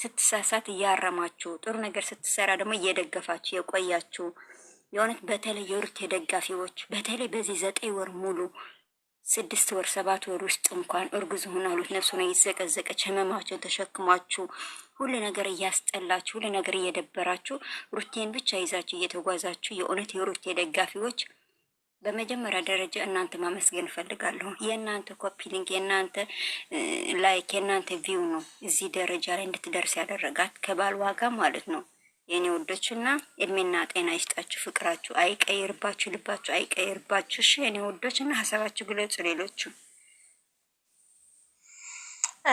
ስትሳሳት እያረማችሁ ጥሩ ነገር ስትሰራ ደግሞ እየደገፋችሁ የቆያችሁ የእውነት በተለይ የሩት ደጋፊዎች በተለይ በዚህ ዘጠኝ ወር ሙሉ ስድስት ወር ሰባት ወር ውስጥ እንኳን እርጉዝ ሆናሉት ነፍስ ሆነ እየተዘቀዘቀች ህመማቸውን ተሸክሟችሁ ሁሉ ነገር እያስጠላችሁ ሁሉ ነገር እየደበራችሁ ሩቴን ብቻ ይዛችሁ እየተጓዛችሁ የእውነት የሩቴ ደጋፊዎች በመጀመሪያ ደረጃ እናንተ ማመስገን እፈልጋለሁ። የእናንተ ኮፒሊንግ፣ የእናንተ ላይክ፣ የእናንተ ቪው ነው እዚህ ደረጃ ላይ እንድትደርስ ያደረጋት ከባል ዋጋ ማለት ነው። የኔ ወዶች እና እድሜና ጤና ይስጣችሁ፣ ፍቅራችሁ አይቀይርባችሁ፣ ልባችሁ አይቀይርባችሁ። እሺ የእኔ ወዶች እና ሀሳባችሁ ግለጹ። ሌሎቹ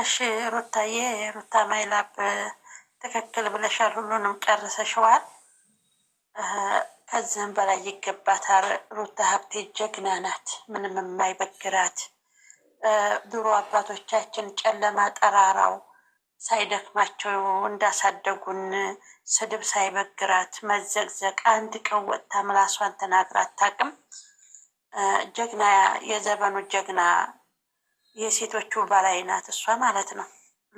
እሺ። ሩታዬ ሩታ ማይላብ ትክክል ብለሻል። ሁሉንም ጨርሰሽዋል። ከዚህም በላይ ይገባታል። ሩታ ሀብቴ ጀግና ናት፣ ምንም የማይበግራት ድሮ አባቶቻችን ጨለማ ጠራራው ሳይደክማቸው እንዳሳደጉን ስድብ ሳይበግራት መዘግዘቅ አንድ ቀን ወጥታ ምላሷን ተናግራ አታውቅም። ጀግና የዘመኑ ጀግና የሴቶቹ በላይ ናት እሷ ማለት ነው።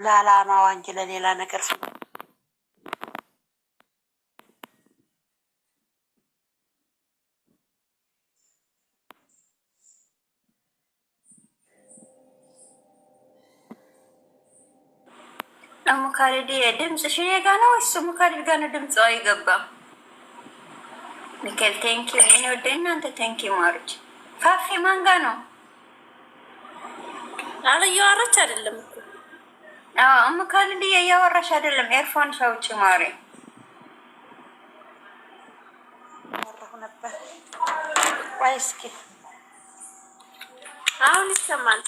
ለዓላማዋ እንጂ ለሌላ ነገር ሙካሪድ ድምፅ ሽኔ ጋ ነው ወይስ ሙካሪድ ጋ ነው? ድምፅ አይገባም። ሚካኤል ቴንኪ የኔ ወደ እናንተ ቴንኪው ማሮች። ፋፊ ማንጋ ነው ነው? አለየዋረች አይደለም ሙካሪድ እያወራሽ አይደለም። ኤርፎን ሻውች ማሪ ነበር ቆይ እስኪ አሁን ይሰማል።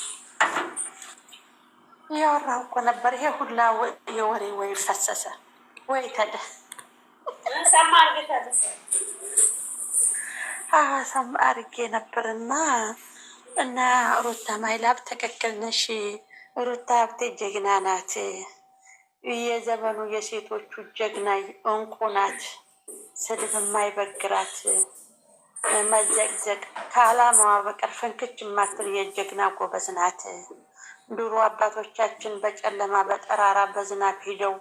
ያወራው እኮ ነበር። ይሄ ሁላ የወሬ ወይ ፈሰሰ ወይ ተደ ሰማ አርጌ ነበርና እና ሩታ ማይላብ ትክክል ነሽ። ሩታ ሀብቴ ጀግና ናት። የዘመኑ የሴቶቹ ጀግና እንቁ ናት። ስድብ የማይበግራት መዘቅዘቅ ከአላማዋ በቀር ፍንክች የማትል የጀግና ጎበዝ ናት። ድሮ አባቶቻችን በጨለማ በጠራራ በዝናብ ሂደው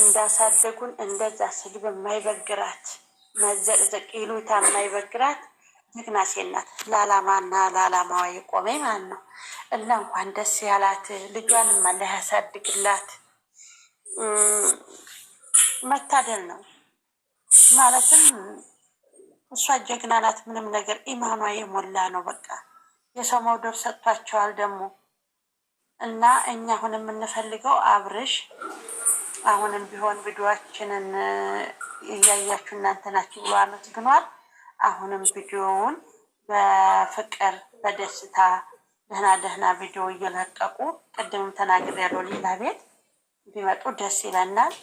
እንዳሳደጉን እንደዛ ስድብ የማይበግራት መዘቅዘቅ ይሉታ የማይበግራት ንግናሴ ናት። ለዓላማና ለዓላማዋ የቆመ ማለት ነው እና እንኳን ደስ ያላት። ልጇን አላህ ያሳድግላት። መታደል ነው ማለትም እሷ ጀግና ናት። ምንም ነገር ኢማኗ የሞላ ነው። በቃ የሰው መውደር ሰጥቷቸዋል ደግሞ እና እኛ አሁን የምንፈልገው አብርሽ አሁንም ቢሆን ቪዲዮችንን እያያችሁ እናንተ ናችሁ ብሎ አመስግኗል። አሁንም ቪዲዮውን በፍቅር በደስታ ደህና ደህና ቪዲዮ እየለቀቁ ቅድምም ተናግር ያለው ሌላ ቤት ቢመጡ ደስ ይለናል።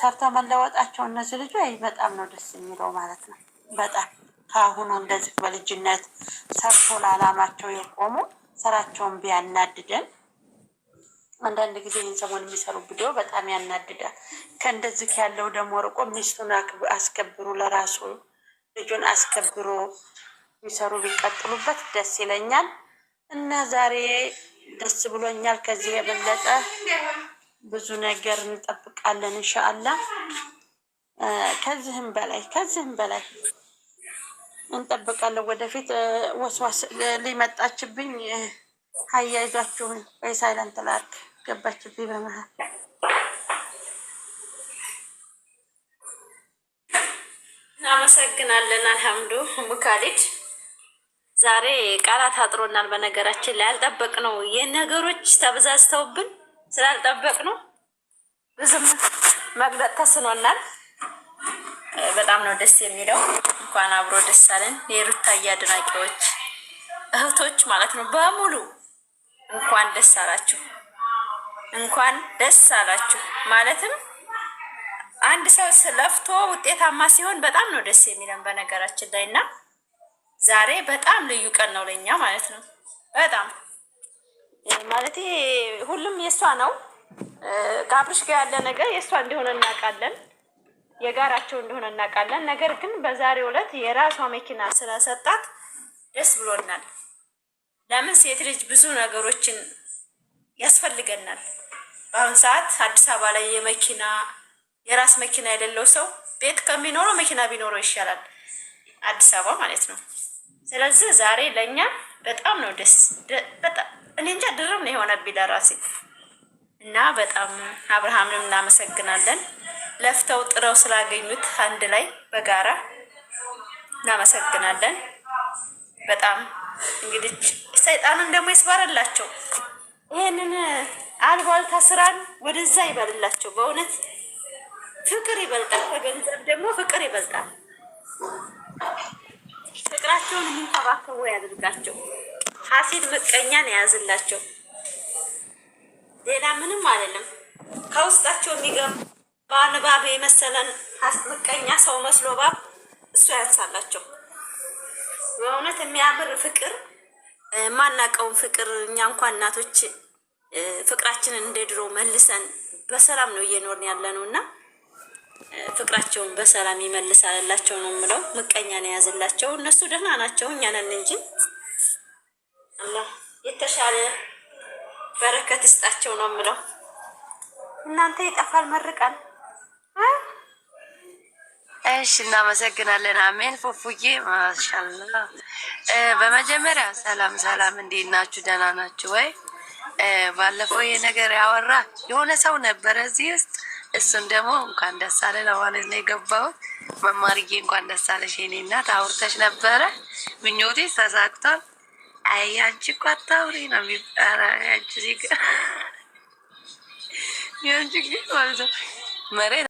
ሰርተ መለወጣቸው እነዚህ ልጆ በጣም ነው ደስ የሚለው ማለት ነው። በጣም ከአሁኑ እንደዚህ በልጅነት ሰርቶ ለዓላማቸው የቆሙ ስራቸውን ቢያናድደን አንዳንድ ጊዜ ይህን ሰሞን የሚሰሩ ቪዲዮ በጣም ያናድዳል። ከእንደዚህ ያለው ደግሞ ርቆ ሚስቱን አስከብሩ፣ ለራሱ ልጁን አስከብሮ የሚሰሩ ቢቀጥሉበት ደስ ይለኛል እና ዛሬ ደስ ብሎኛል። ከዚህ የበለጠ ብዙ ነገር እንጠብቃለን። እንሻአላ ከዚህም በላይ ከዚህም በላይ እንጠብቃለን። ወደፊት ወስዋስ ሊመጣችብኝ ሀያ ይዟችሁን ወይ ሳይለንት ላርክ ገባችብኝ በመሀል እናመሰግናለን። አልሐምዱ ሙካሊድ ዛሬ ቃላት አጥሮናል። በነገራችን ላይ ያልጠበቅነው የነገሮች ተበዛዝተውብን ነው ብዙም መግለጥ ተስኖናል። በጣም ነው ደስ የሚለው። እንኳን አብሮ ደስ አለን። የሩታዬ አድናቂዎች እህቶች ማለት ነው በሙሉ እንኳን ደስ አላችሁ፣ እንኳን ደስ አላችሁ። ማለትም አንድ ሰው ለፍቶ ውጤታማ ሲሆን በጣም ነው ደስ የሚለን። በነገራችን ላይ እና ዛሬ በጣም ልዩ ቀን ነው ለእኛ ማለት ነው። በጣም ማለት ሁሉም የእሷ ነው። ከአብርሽ ጋር ያለ ነገር የእሷ እንደሆነ እናውቃለን። የጋራቸው እንደሆነ እናውቃለን። ነገር ግን በዛሬው ዕለት የራሷ መኪና ስለሰጣት ደስ ብሎናል። ለምን ሴት ልጅ ብዙ ነገሮችን ያስፈልገናል። በአሁን ሰዓት አዲስ አበባ ላይ የመኪና የራስ መኪና የሌለው ሰው ቤት ከሚኖረው መኪና ቢኖረው ይሻላል፣ አዲስ አበባ ማለት ነው። ስለዚህ ዛሬ ለእኛ በጣም ነው ደስ እኔ እንጃ ድርም ነው የሆነብኝ ለራሴ እና በጣም አብርሃምንም እናመሰግናለን። ለፍተው ጥረው ስላገኙት አንድ ላይ በጋራ እናመሰግናለን። በጣም እንግዲህ ሰይጣንን ደግሞ ይስባረላቸው። ይህንን አልባልታ ስራን ወደዛ ይበልላቸው። በእውነት ፍቅር ይበልጣል፣ ከገንዘብ ደግሞ ፍቅር ይበልጣል። ፍቅራቸውን የሚንከባከቡ ያደርጋቸው ሀሲድ ምቀኛን የያዝላቸው። ሌላ ምንም አይደለም ከውስጣቸው የሚገባ በአንባብ የመሰለን ምቀኛ ሰው መስሎ ባብ እሱ ያንሳላቸው። በእውነት የሚያምር ፍቅር፣ የማናውቀውን ፍቅር እኛ እንኳን እናቶች ፍቅራችንን እንደ ድሮ መልሰን በሰላም ነው እየኖርን ያለ ነው እና ፍቅራቸውን በሰላም ይመልሳልላቸው ነው የምለው። ምቀኛ ነው የያዝላቸው። እነሱ ደህና ናቸው፣ እኛ ነን እንጂ አላህ የተሻለ በረከት ይስጣቸው ነው የምለው። እናንተ ይጠፋል መርቃል እሺ እናመሰግናለን። አሜን። ፉፉዬ ማሻላ። በመጀመሪያ ሰላም ሰላም፣ እንዴት ናችሁ? ደህና ናችሁ ወይ? ባለፈው ይሄ ነገር ያወራ የሆነ ሰው ነበረ እዚህ ውስጥ እሱም ደግሞ እንኳን ደስ አለ ለማለት ነው የገባሁት። መማርዬ እንኳን ደስ አለሽ የኔ እናት፣ አውርተሽ ነበረ ምኞቴ ተሳክቷል። አይ አንቺ እኮ አታውሪ ነው የሚባለው።